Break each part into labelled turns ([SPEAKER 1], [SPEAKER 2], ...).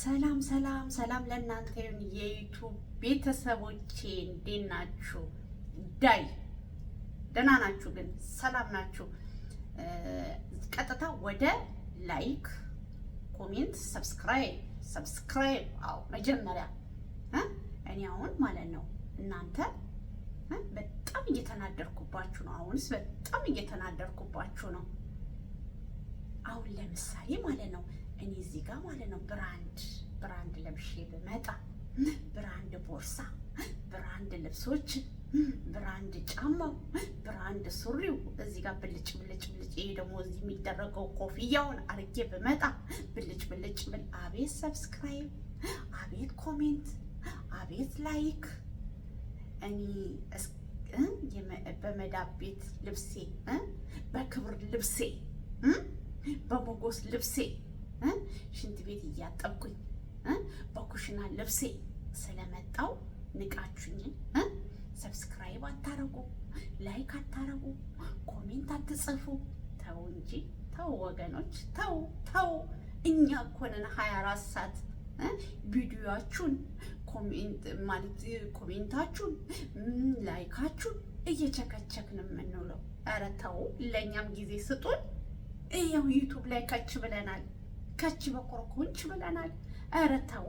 [SPEAKER 1] ሰላም ሰላም ሰላም ለእናንተ ይሁን የዩቱብ ቤተሰቦቼ፣ እንዴት ናችሁ? ዳይ ደህና ናችሁ? ግን ሰላም ናችሁ? ቀጥታ ወደ ላይክ፣ ኮሜንት፣ ሰብስክራይብ ሰብስክራይብ። አዎ መጀመሪያ እኔ አሁን ማለት ነው እናንተ በጣም እየተናደርኩባችሁ ነው። አሁንስ በጣም እየተናደርኩባችሁ ነው። አሁን ለምሳሌ ማለት ነው እኔ እዚህ ጋር ማለት ነው ብራንድ ብራንድ ለብሼ ብመጣ ብራንድ ቦርሳ፣ ብራንድ ልብሶች፣ ብራንድ ጫማው፣ ብራንድ ሱሪው እዚህ ጋር ብልጭ ብልጭ ብልጭ፣ ይሄ ደግሞ እዚህ የሚደረገው ኮፍያውን አርጌ ብመጣ ብልጭ ብልጭ ብል፣ አቤት ሰብስክራይብ፣ አቤት ኮሜንት፣ አቤት ላይክ እኔ በመዳብ ቤት ልብሴ፣ በክብር ልብሴ፣ በሞጎስ ልብሴ ሽንት ቤት እያጠብኩኝ በኩሽና ልብሴ ስለመጣው ንቃችሁኝን ሰብስክራይብ አታረጉ፣ ላይክ አታረጉ፣ ኮሜንት አትጽፉ። ተው እንጂ ተው ወገኖች፣ ተው ተው። እኛ እኮ ነን ሀያ አራት ሰዓት ቪዲዮያችሁን ማለት ኮሜንታችሁን ላይካችሁን እየቸከቸክን የምንውለው። ኧረ ተው፣ ለእኛም ጊዜ ስጡን። ይኸው ዩቱብ ላይ ከች ብለናል። ከች በኮረኮንች ብለናል። ኧረ ተው፣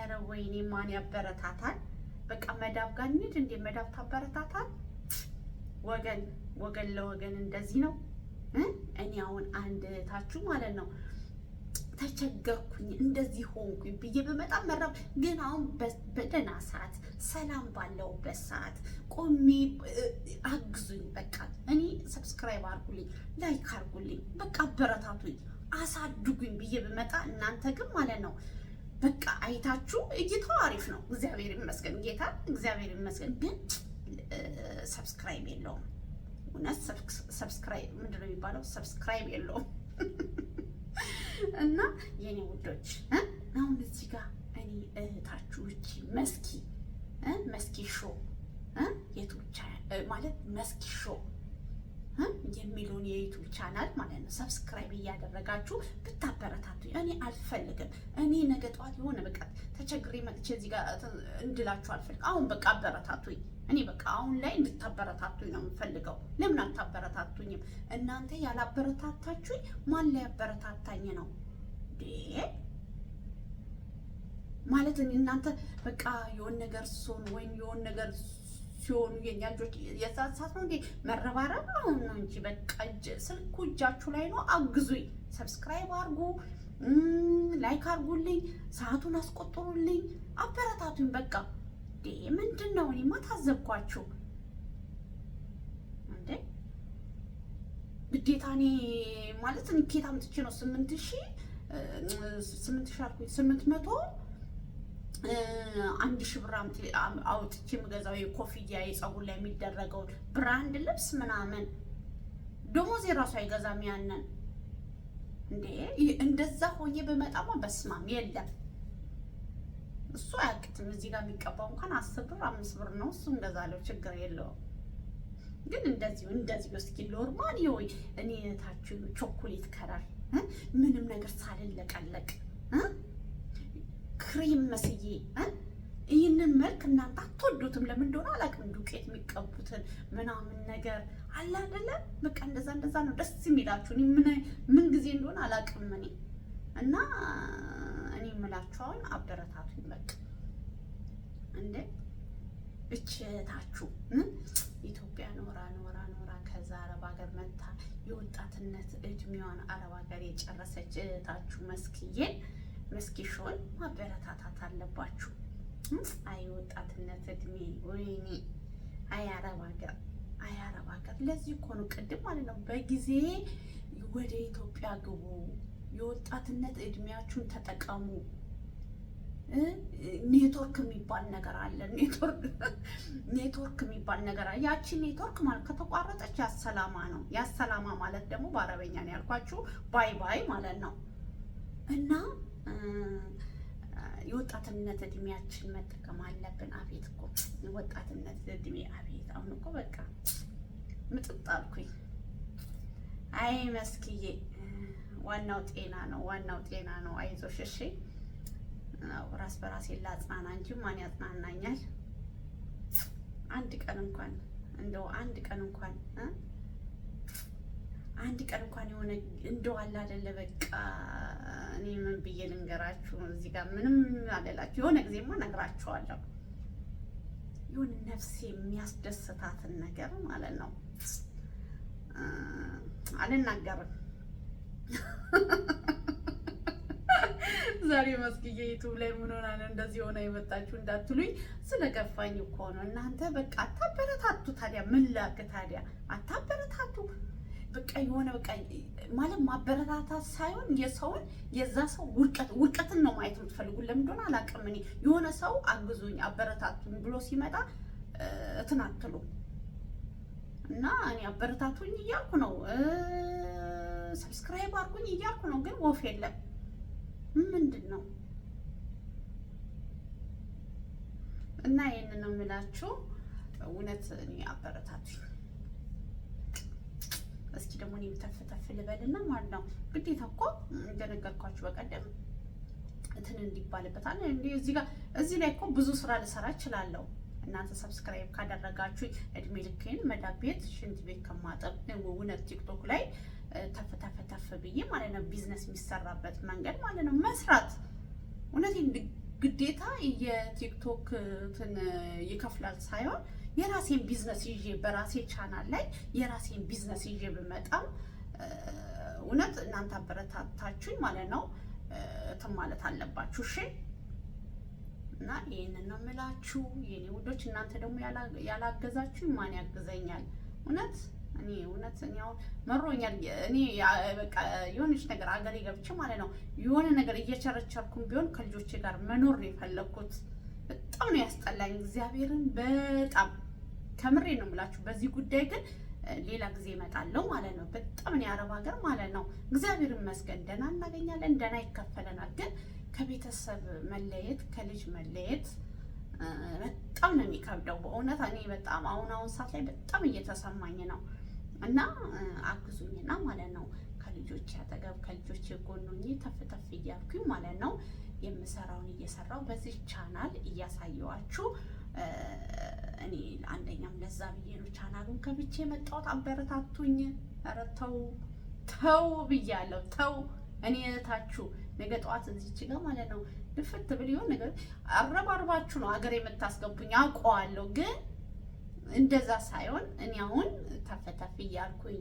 [SPEAKER 1] ኧረ ወይኔ ማን ያበረታታል? በቃ መዳብ ጋር እንሂድ እንዴ? መዳብ ታበረታታል። ወገን ወገን ለወገን እንደዚህ ነው። እኔ አሁን አንድ እህታችሁ ማለት ነው ተቸገርኩኝ እንደዚህ ሆንኩኝ ብዬ በመጣም መራብ ግን አሁን በደህና ሰዓት ሰላም ባለውበት ሰዓት ቆሜ አግዙኝ። በቃ እኔ ሰብስክራይብ አርጉልኝ፣ ላይክ አርጉልኝ፣ በቃ አበረታቱኝ። አሳድጉኝ ብዬ ብመጣ እናንተ ግን ማለት ነው በቃ አይታችሁ እይታው አሪፍ ነው። እግዚአብሔር ይመስገን ጌታ እግዚአብሔር ይመስገን። ግን ሰብስክራይብ የለውም። እውነት ሰብስክራይብ ምንድነው የሚባለው? ሰብስክራይብ የለውም። እና የኔ ውዶች አሁን እዚህ ጋር እኔ እህታችሁ እቺ መስኪ መስኪ ሾ ብቻ ማለት መስኪ ሾ የሚለውን የዩቱብ ቻናል ማለት ነው ሰብስክራይብ እያደረጋችሁ ብታበረታቱ እኔ አልፈልግም። እኔ ነገ ጠዋት የሆነ በቃ ተቸግሬ መጥቼ እዚህ ጋር እንድላችሁ አልፈልግም። አሁን በቃ አበረታቱኝ። እኔ በቃ አሁን ላይ እንድታበረታቱኝ ነው የምፈልገው። ለምን አታበረታቱኝም? እናንተ ያላበረታታችሁኝ ማን ላይ ነው ማለት እናንተ በቃ የሆን ነገር ሶን ወይም የሆን ነገር ሲሆኑ የኛ ልጆች የዛ ነው እንዴ መረባረብ አሁን ነው እንጂ በቃ ስልኩ እጃችሁ ላይ ነው። አግዙኝ፣ ሰብስክራይብ አርጉ፣ ላይክ አርጉልኝ፣ ሰዓቱን አስቆጥሩልኝ፣ አበረታቱኝ። በቃ ምንድን ነው እኔማ ታዘብኳችሁ እንዴ ግዴታ እኔ ማለት ኬታ ምትቼ ነው ስምንት ሺ ስምንት ሺ አልኩኝ ስምንት መቶ አንድ ሺህ ብር አውጥቼ የምገዛው የኮፍያ የፀጉር ላይ የሚደረገውን ብራንድ ልብስ ምናምን ደሞዝ የራሱ አይገዛም። ያንን እንዴ እንደዛ ሆኜ በመጣማ በስማም የለም እሱ አያቅትም እዚህ ጋር የሚቀባው እንኳን አስር ብር አምስት ብር ነው እሱ እንገዛለው ችግር የለውም። ግን እንደዚሁ እንደዚሁ እስኪ ሎርማን ይሆይ እኔ ነታችሁ ቾኮሌት ከራል ምንም ነገር ሳልለቀለቅ ክሬም መስዬ ይህንን መልክ እናንተ አትወዱትም። ለምን እንደሆነ አላውቅም። ዱቄት የሚቀቡትን ምናምን ነገር አለ በቃ እንደዛ እንደዛ ነው ደስ የሚላችሁ። ምን ጊዜ እንደሆነ አላውቅም እኔ እና እኔ የምላችኋውን አበረታቱ። ይመቅ እንደ እችታችሁ ኢትዮጵያ ኖራ ኖራ ኖራ ከዛ አረብ ሀገር መታ የወጣትነት እድሜዋን አረብ ሀገር የጨረሰች እህታችሁ መስክዬን መስኪሾን ማበረታታት አለባችሁ። አይ ወጣትነት እድሜ ወይኔ፣ አይ አረብ ሀገር፣ አይ አረብ ሀገር። ለዚህ እኮ ነው ቅድም ማለት ነው በጊዜ ወደ ኢትዮጵያ ግቡ፣ የወጣትነት እድሜያችሁን ተጠቀሙ። ኔትወርክ የሚባል ነገር አለ። ኔትወርክ የሚባል ነገር አለ። ያቺ ኔትወርክ ማለት ከተቋረጠች ያሰላማ ነው። ያሰላማ ማለት ደግሞ በአረበኛ ነው ያልኳችሁ ባይ ባይ ማለት ነው እና የወጣትነት እድሜያችን መጠቀም አለብን። አቤት እኮ ወጣትነት እድሜ አቤት! አሁን እኮ በቃ ምጥጥ አልኩኝ። አይ መስኪዬ፣ ዋናው ጤና ነው፣ ዋናው ጤና ነው። አይዞሽ እሺ። ራስ በራሴ ላጽናና እንጂ ማን ያጽናናኛል? አንድ ቀን እንኳን እንደው አንድ ቀን እንኳን አንድ ቀን እንኳን የሆነ እንደው አለ አይደለ በቃ እኔ ምን ብዬ ልንገራችሁ፣ እዚህ ጋር ምንም አለላችሁ። የሆነ ጊዜማ ነግራችኋለሁ። የሆነ ነፍሴ የሚያስደስታትን ነገር ማለት ነው። አልናገርም። ዛሬ መስጊዬ ዩቱብ ላይ ምን ሆና እንደዚህ ሆና የመጣችሁ እንዳትሉኝ፣ ስለገፋኝ እኮ ነው። እናንተ በቃ አታበረታቱ። ታዲያ ምን ላክ? ታዲያ አታበረታቱ በቃ የሆነ በቃ ማለት ማበረታታት ሳይሆን የሰውን የዛ ሰው ውድቀት ውድቀትን ነው ማየት የምትፈልጉ። ለምን እንደሆነ አላውቅም። እኔ የሆነ ሰው አግዙኝ አበረታቱኝ ብሎ ሲመጣ እንትን አትሉ እና እኔ አበረታቱኝ እያልኩ ነው፣ ሰብስክራይብ አድርጉኝ እያልኩ ነው፣ ግን ወፍ የለም። ምንድን ነው እና ይህንን ነው የምላችሁ። እውነት እኔ አበረታቱኝ እስኪ ደግሞ እኔም ተፍ ልበልና ማለት ነው። ግዴታ እኮ እንደነገርኳችሁ በቀደም እንትን እንዲባልበታል እንዲ እዚህ ጋር እዚህ ላይ እኮ ብዙ ስራ ልሰራ እችላለሁ። እናንተ ሰብስክራይብ ካደረጋችሁ እድሜ ልክን መዳብ ቤት ሽንት ቤት ከማጠብ እውነት ቲክቶክ ላይ ተፍ ተፍ ተፍ ብዬ ማለት ነው ቢዝነስ የሚሰራበት መንገድ ማለት ነው መስራት እውነት ግዴታ የቲክቶክ እንትን ይከፍላል ሳይሆን የራሴን ቢዝነስ ይዤ በራሴ ቻናል ላይ የራሴን ቢዝነስ ይዤ ብመጣ እውነት እናንተ አበረታታችሁኝ ማለት ነው። እንትን ማለት አለባችሁ እሺ። እና ይህንን ነው የምላችሁ የኔ ውዶች። እናንተ ደግሞ ያላገዛችሁ ማን ያግዘኛል? እውነት እኔ እውነት አሁን መሮኛል። እኔ በቃ የሆነች ነገር አገሬ ገብቼ ማለት ነው የሆነ ነገር እየቸረቸርኩም ቢሆን ከልጆቼ ጋር መኖር ነው የፈለግኩት። በጣም ነው ያስጠላኝ። እግዚአብሔርን በጣም ከምሬ ነው የምላችሁ። በዚህ ጉዳይ ግን ሌላ ጊዜ እመጣለሁ ማለት ነው። በጣም ነው የአረብ ሀገር ማለት ነው። እግዚአብሔር ይመስገን ደህና እናገኛለን፣ ደህና ይከፈለናል። ግን ከቤተሰብ መለየት፣ ከልጅ መለየት በጣም ነው የሚከብደው በእውነት እኔ በጣም አሁን አሁን ሰዓት ላይ በጣም እየተሰማኝ ነው እና አግዙኝና ማለት ነው ከልጆች አጠገብ ከልጆች የጎኑኝ ተፍተፍ እያልኩኝ ማለት ነው የምሰራውን እየሰራው በዚህ ቻናል እያሳየዋችሁ እኔ አንደኛም ለዛ ብዬ ነው ቻናሉን ከብቼ የመጣሁት። አበረታቱኝ። ኧረ ተው ተው ብያለሁ። ተው እኔ እህታችሁ ነገ ጠዋት እዚች ጋር ማለት ነው ድፍት ብል ይሆን ነገር አረባርባችሁ ነው ሀገር የምታስገቡኝ አውቀዋለሁ። ግን እንደዛ ሳይሆን እኔ አሁን ተፈተፍ እያልኩኝ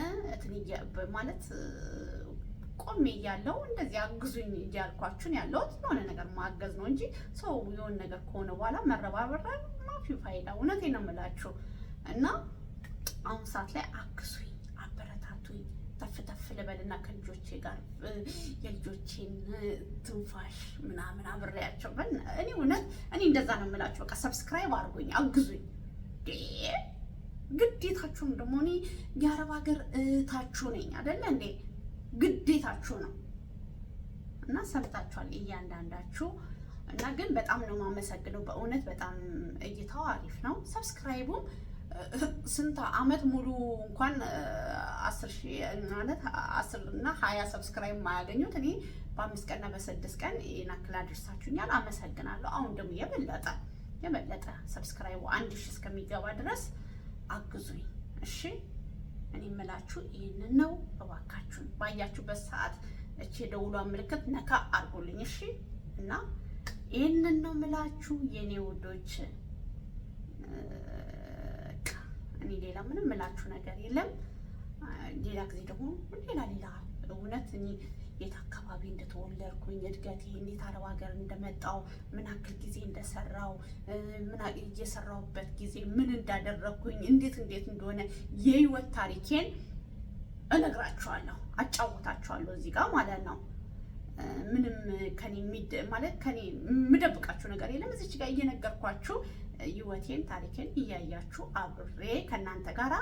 [SPEAKER 1] እንትን ማለት ቆሜ እያለው እንደዚህ አግዙኝ እያልኳችሁን ያለሁት የሆነ ነገር ማገዝ ነው እንጂ ሰው የሆነ ነገር ከሆነ በኋላ መረባበረ ማፊ ፋይዳ። እውነቴን ነው የምላችሁ እና አሁን ሰዓት ላይ አግዙኝ፣ አበረታቱኝ ተፍ ተፍ ልበልና ከልጆቼ ጋር የልጆቼን ትንፋሽ ምናምን አብሬያቸው እኔ እውነት እኔ እንደዛ ነው የምላችሁ። በቃ ሰብስክራይብ አድርጎኝ አግዙኝ። ግዴታችሁም ደግሞ እኔ የአረብ ሀገር እህታችሁ ነኝ አይደለ እንዴ? ግዴታችሁ ነው እና ሰርታችኋል እያንዳንዳችሁ እና ግን በጣም ነው የማመሰግነው በእውነት በጣም እይታው አሪፍ ነው። ሰብስክራይቡም ስንት አመት ሙሉ እንኳን አስር ሺህ ማለት አስር እና ሀያ ሰብስክራይብ ማያገኙት እኔ በአምስት ቀንና በስድስት ቀን ይናክል አድርሳችሁኛል። አመሰግናለሁ። አሁን ደግሞ የበለጠ የበለጠ ሰብስክራይቡ አንድ ሺ እስከሚገባ ድረስ አግዙኝ እሺ። እኔ የምላችሁ ይህንን ነው። እባካችሁን ባያችሁበት ሰዓት እቺ የደውሏ ምልክት ነካ አድርጎልኝ እሺ። እና ይህንን ነው ምላችሁ የእኔ ውዶች። እኔ ሌላ ምንም ምላችሁ ነገር የለም። ሌላ ጊዜ ደግሞ ሌላ ሌላ እውነት እኔ የት አካባቢ እንደተወለድኩኝ እድገቴ እንዴት አረብ ሀገር እንደመጣው ምን ያክል ጊዜ እንደሰራው ምን እየሰራውበት ጊዜ ምን እንዳደረግኩኝ እንዴት እንዴት እንደሆነ የህይወት ታሪኬን እነግራችኋለሁ፣ አጫወታችኋለሁ እዚህ ጋር ማለት ነው። ምንም ከኔ ማለት ከኔ የምደብቃችሁ ነገር የለም። እዚች ጋር እየነገርኳችሁ ህይወቴን ታሪኬን እያያችሁ አብሬ ከእናንተ ጋራ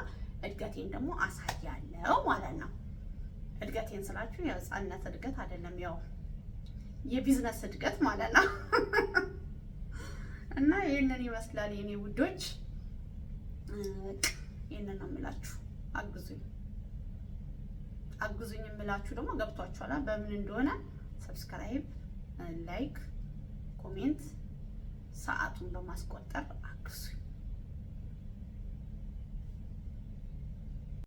[SPEAKER 1] እድገቴን ደግሞ አሳያለሁ ማለት ነው። እድገቴን ስላችሁ የህፃንነት እድገት አይደለም፣ ያው የቢዝነስ እድገት ማለት ነው። እና ይህንን ይመስላል የኔ ውዶች። ይህንን ነው የምላችሁ። አግዙኝ አግዙኝ የምላችሁ ደግሞ ገብቷችኋል በምን እንደሆነ። ሰብስክራይብ፣ ላይክ፣ ኮሜንት ሰዓቱን በማስቆጠር አግዙኝ።